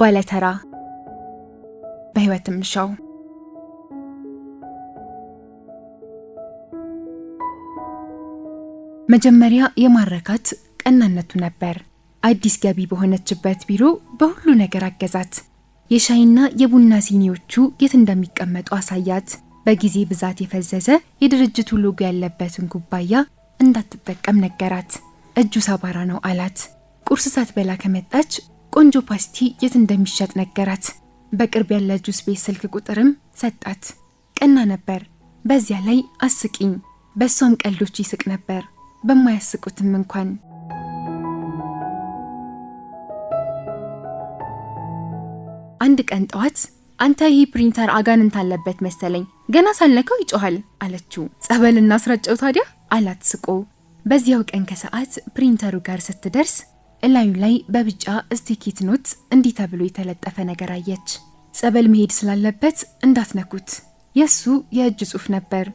ባለተራ በህይወት ምሻው መጀመሪያ የማረካት ቀናነቱ ነበር። አዲስ ገቢ በሆነችበት ቢሮ በሁሉ ነገር አገዛት። የሻይና የቡና ሲኒዎቹ የት እንደሚቀመጡ አሳያት። በጊዜ ብዛት የፈዘዘ የድርጅቱ ሎጎ ያለበትን ኩባያ እንዳትጠቀም ነገራት። እጁ ሰባራ ነው አላት። ቁርስ ሳትበላ ከመጣች ቆንጆ ፓስቲ የት እንደሚሸጥ ነገራት። በቅርብ ያለ ጁስ ቤት ስልክ ቁጥርም ሰጣት። ቀና ነበር፣ በዚያ ላይ አስቂኝ። በእሷም ቀልዶች ይስቅ ነበር፣ በማያስቁትም እንኳን አንድ ቀን ጠዋት አንተ ይህ ፕሪንተር አጋንንት አለበት መሰለኝ፣ ገና ሳልነካው ይጮሃል አለችው። ጸበል እናስረጨው ታዲያ አላት ስቆ። በዚያው ቀን ከሰዓት ፕሪንተሩ ጋር ስትደርስ እላዩ ላይ በብጫ ስቲኬት ኖት እንዲህ ተብሎ የተለጠፈ ነገር አየች። ጸበል መሄድ ስላለበት እንዳትነኩት። የሱ የእጅ ጽሑፍ ነበር።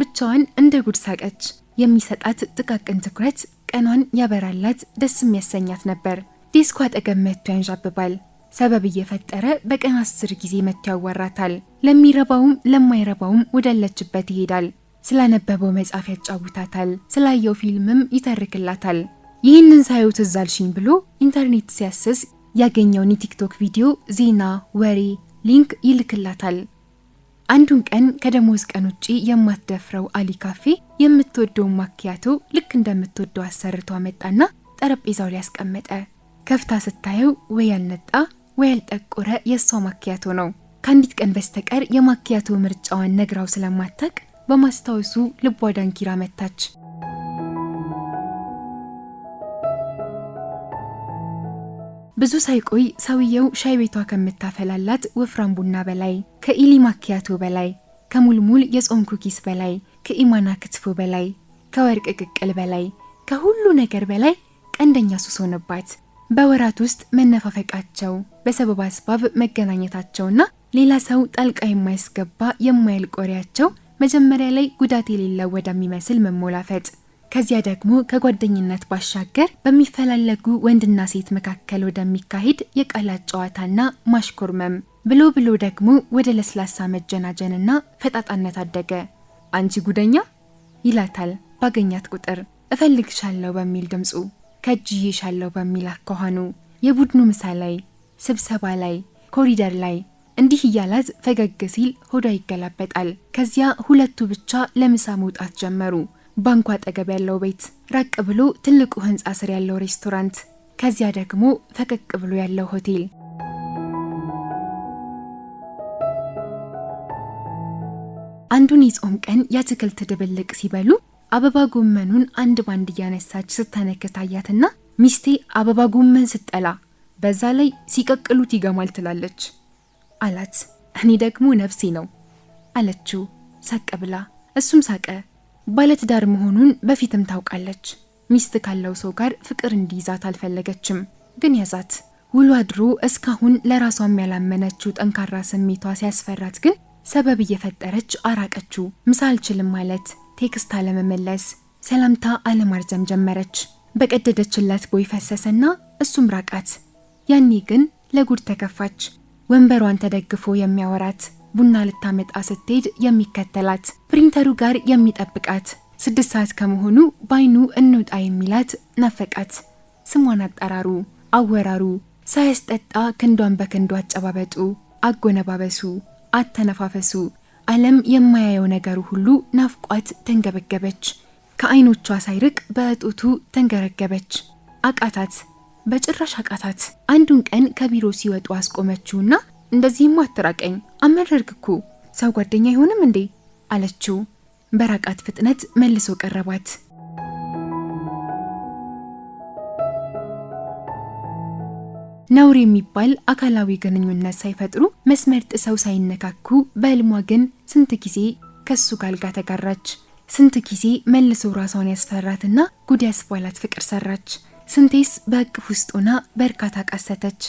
ብቻዋን እንደ ጉድ ሳቀች። የሚሰጣት ጥቃቅን ትኩረት ቀኗን ያበራላት ደስ የሚያሰኛት ነበር። ዴስኳ አጠገብ መጥቶ ያንዣብባል። ሰበብ እየፈጠረ በቀን አስር ጊዜ መጥቶ ያዋራታል። ለሚረባውም ለማይረባውም ወዳለችበት ይሄዳል። ስላነበበው መጽሐፍ ያጫውታታል። ስላየው ፊልምም ይተርክላታል። ይህንን ሳየው ትዝ አልሽኝ ብሎ ኢንተርኔት ሲያስስ ያገኘውን የቲክቶክ ቪዲዮ፣ ዜና፣ ወሬ፣ ሊንክ ይልክላታል። አንዱን ቀን ከደሞዝ ቀን ውጪ የማትደፍረው አሊ ካፌ የምትወደውን ማኪያቶ ልክ እንደምትወደው አሰርቶ አመጣና ጠረጴዛው ላይ ያስቀመጠ። ከፍታ ስታየው ወይ ያልነጣ ወይ ያልጠቆረ የእሷ ማኪያቶ ነው። ከአንዲት ቀን በስተቀር የማኪያቶ ምርጫዋን ነግራው ስለማታቅ በማስታወሱ ልቧ ዳንኪራ መታች። ብዙ ሳይቆይ ሰውየው ሻይ ቤቷ ከምታፈላላት ወፍራም ቡና በላይ ከኢሊ ማኪያቶ በላይ ከሙልሙል የጾም ኩኪስ በላይ ከኢማና ክትፎ በላይ ከወርቅ ቅቅል በላይ ከሁሉ ነገር በላይ ቀንደኛ ሱስ ሆነባት። በወራት ውስጥ መነፋፈቃቸው በሰበብ አስባብ መገናኘታቸውና ሌላ ሰው ጣልቃ የማያስገባ የማያልቅ መጀመሪያ ላይ ጉዳት የሌለው ወደሚመስል መሞላፈጥ ከዚያ ደግሞ ከጓደኝነት ባሻገር በሚፈላለጉ ወንድና ሴት መካከል ወደሚካሄድ የቃላት ጨዋታና ማሽኮርመም ብሎ ብሎ ደግሞ ወደ ለስላሳ መጀናጀንና ፈጣጣነት አደገ። አንቺ ጉደኛ ይላታል ባገኛት ቁጥር እፈልግሻለሁ በሚል ድምፁ ከእጅዬሻለሁ በሚል አኳኋኑ የቡድኑ ምሳ ላይ፣ ስብሰባ ላይ፣ ኮሪደር ላይ እንዲህ እያላዝ ፈገግ ሲል ሆዷ ይገላበጣል። ከዚያ ሁለቱ ብቻ ለምሳ መውጣት ጀመሩ። ባንኩ አጠገብ ያለው ቤት፣ ራቅ ብሎ ትልቁ ህንፃ ስር ያለው ሬስቶራንት፣ ከዚያ ደግሞ ፈቀቅ ብሎ ያለው ሆቴል። አንዱን የጾም ቀን የአትክልት ድብልቅ ሲበሉ አበባ ጎመኑን አንድ ባንድ እያነሳች ስታነክት አያትና ሚስቴ አበባ ጎመን ስጠላ በዛ ላይ ሲቀቅሉት ይገማል ትላለች አላት። እኔ ደግሞ ነፍሴ ነው አለችው ሳቅ ብላ። እሱም ሳቀ። ባለትዳር መሆኑን በፊትም ታውቃለች። ሚስት ካለው ሰው ጋር ፍቅር እንዲይዛት አልፈለገችም፣ ግን ያዛት። ውሎ አድሮ እስካሁን ለራሷም ያላመነችው ጠንካራ ስሜቷ ሲያስፈራት ግን ሰበብ እየፈጠረች አራቀችው። ምሳ አልችልም ማለት፣ ቴክስት አለመመለስ፣ ሰላምታ አለማርዘም ጀመረች። በቀደደችለት ቦይ ፈሰሰና እሱም ራቃት። ያኔ ግን ለጉድ ተከፋች። ወንበሯን ተደግፎ የሚያወራት ቡና ልታመጣ ስትሄድ የሚከተላት ፕሪንተሩ ጋር የሚጠብቃት ስድስት ሰዓት ከመሆኑ ባይኑ እንውጣ የሚላት ናፈቃት። ስሟን አጠራሩ፣ አወራሩ፣ ሳያስጠጣ ክንዷን በክንዱ አጨባበጡ፣ አጎነባበሱ፣ አተነፋፈሱ ዓለም የማያየው ነገሩ ሁሉ ናፍቋት ተንገበገበች። ከአይኖቿ ሳይርቅ በእጦቱ ተንገረገበች። አቃታት፣ በጭራሽ አቃታት። አንዱን ቀን ከቢሮ ሲወጡ አስቆመችውና እንደዚህም አትራቀኝ አመረርክ እኮ ሰው ጓደኛ አይሆንም እንዴ አለችው። በራቃት ፍጥነት መልሶ ቀረባት። ነውር የሚባል አካላዊ ግንኙነት ሳይፈጥሩ መስመር ጥሰው ሳይነካኩ በህልሟ ግን ስንት ጊዜ ከሱ ጋልጋ ተጋራች። ስንት ጊዜ መልሶ ራሷን ያስፈራትና ጉድ ያስባላት ፍቅር ሰራች። ስንቴስ በእቅፍ ውስጥ ሆና በእርካታ ቀሰተች?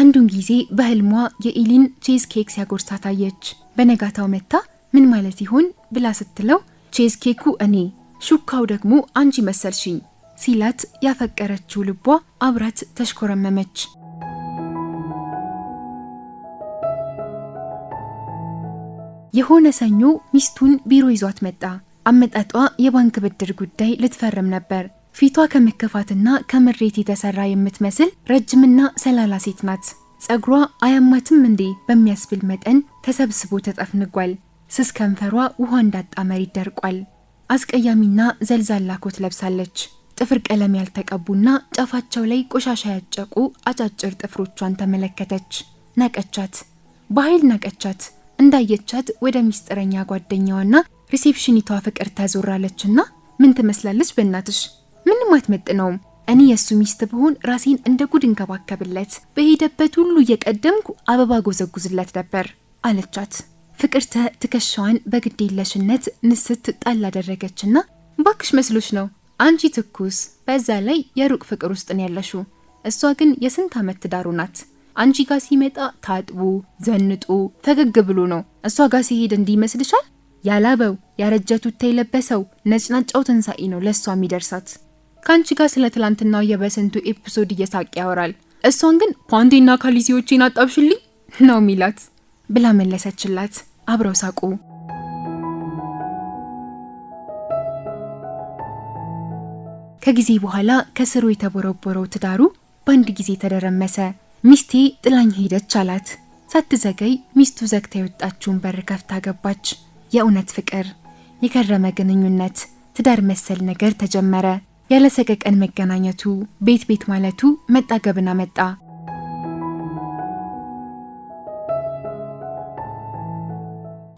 አንዱን ጊዜ በህልሟ የኢሊን ቼዝ ኬክ ሲያጎርሳ ታየች። በነጋታው መታ ምን ማለት ይሆን ብላ ስትለው ቼዝ ኬኩ እኔ ሹካው ደግሞ አንቺ መሰልሽኝ ሲላት ያፈቀረችው ልቧ አብራት ተሽኮረመመች። የሆነ ሰኞ ሚስቱን ቢሮ ይዟት መጣ። አመጣጧ የባንክ ብድር ጉዳይ ልትፈርም ነበር። ፊቷ ከመከፋትና ከምሬት የተሰራ የምትመስል ረጅምና ሰላላ ሴት ናት። ጸጉሯ አያማትም እንዴ በሚያስብል መጠን ተሰብስቦ ተጠፍንጓል። ስስ ከንፈሯ ውሃ እንዳጣመር ይደርቋል። አስቀያሚና ዘልዛላ ኮት ለብሳለች። ጥፍር ቀለም ያልተቀቡና ጫፋቸው ላይ ቆሻሻ ያጨቁ አጫጭር ጥፍሮቿን ተመለከተች። ናቀቻት፣ በኃይል ናቀቻት። እንዳየቻት ወደ ሚስጥረኛ ጓደኛዋና ሪሴፕሽኒቷ ፍቅር ተዞራለችና ምን ትመስላለች በእናትሽ ምንም አትመጥነውም። እኔ የእሱ ሚስት ብሆን ራሴን እንደ ጉድ እንከባከብለት፣ በሄደበት ሁሉ እየቀደምኩ አበባ ጎዘጉዝለት ነበር አለቻት። ፍቅርተ ትከሻዋን በግዴለሽነት ንስት ጣል አደረገችና ባክሽ መስሎች ነው አንቺ ትኩስ፣ በዛ ላይ የሩቅ ፍቅር ውስጥ ነው ያለሹ። እሷ ግን የስንት ዓመት ትዳሩ ናት። አንቺ ጋር ሲመጣ ታጥቦ ዘንጦ ፈገግ ብሎ ነው። እሷ ጋር ሲሄድ እንዲመስልሻል? ይመስልሻል? ያላበው ያረጀቱታ የለበሰው ነጭናጫው ትንሳኤ ነው ለእሷ የሚደርሳት። ከአንቺ ጋር ስለ ትላንትናው የበስንቱ ኤፒሶድ እየሳቅ ያወራል። እሷን ግን ፓንቴና ካሊሲዎቼን አጣብሽልኝ ነው ሚላት ብላ መለሰችላት። አብረው ሳቁ። ከጊዜ በኋላ ከስሩ የተቦረቦረው ትዳሩ በአንድ ጊዜ ተደረመሰ። ሚስቴ ጥላኝ ሄደች አላት። ሳትዘገይ ሚስቱ ዘግታ የወጣችውን በር ከፍታ ገባች። የእውነት ፍቅር፣ የገረመ ግንኙነት፣ ትዳር መሰል ነገር ተጀመረ። ቀን መገናኘቱ፣ ቤት ቤት ማለቱ መጣገብን አመጣ።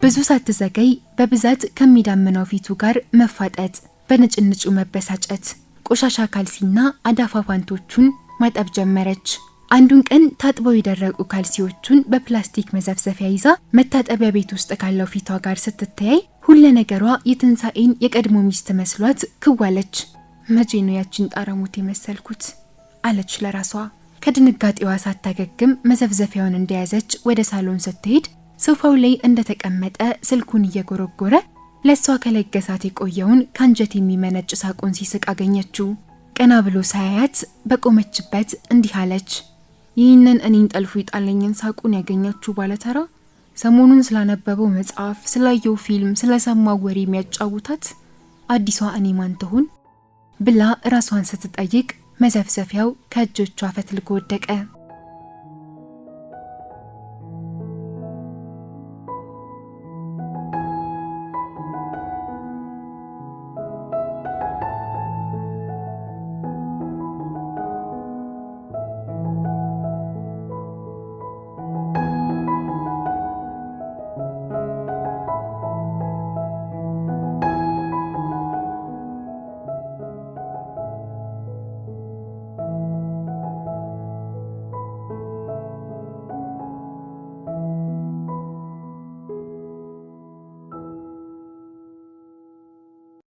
ብዙ ሳትዘገይ በብዛት ከሚዳምነው ፊቱ ጋር መፋጠጥ፣ በንጭንጩ መበሳጨት፣ ቆሻሻ ካልሲና አዳፋ ፓንቶቹን ማጠብ ጀመረች። አንዱን ቀን ታጥበው የደረቁ ካልሲዎቹን በፕላስቲክ መዘፍዘፊያ ይዛ መታጠቢያ ቤት ውስጥ ካለው ፊቷ ጋር ስትተያይ ሁለ ነገሯ የትንሣኤን የቀድሞ ሚስት መስሏት ክዋለች። መቼ ነው ያችን ጣረሙት የመሰልኩት አለች ለራሷ። ከድንጋጤዋ ሳታገግም መዘፍዘፊያውን እንደያዘች ወደ ሳሎን ስትሄድ ሶፋው ላይ እንደተቀመጠ ስልኩን እየጎረጎረ ለእሷ ከለገሳት የቆየውን ከአንጀት የሚመነጭ ሳቁን ሲስቅ አገኘችው። ቀና ብሎ ሳያያት በቆመችበት እንዲህ አለች። ይህንን እኔን ጠልፎ ይጣለኝን ሳቁን ያገኘችው ባለተራ ሰሞኑን ስላነበበው መጽሐፍ፣ ስላየው ፊልም፣ ስለሰማው ወሬ የሚያጫውታት አዲሷ እኔ ማን ትሆን? ብላ ራሷን ስትጠይቅ መዘፍዘፊያው ከእጆቿ ፈትልጎ ወደቀ።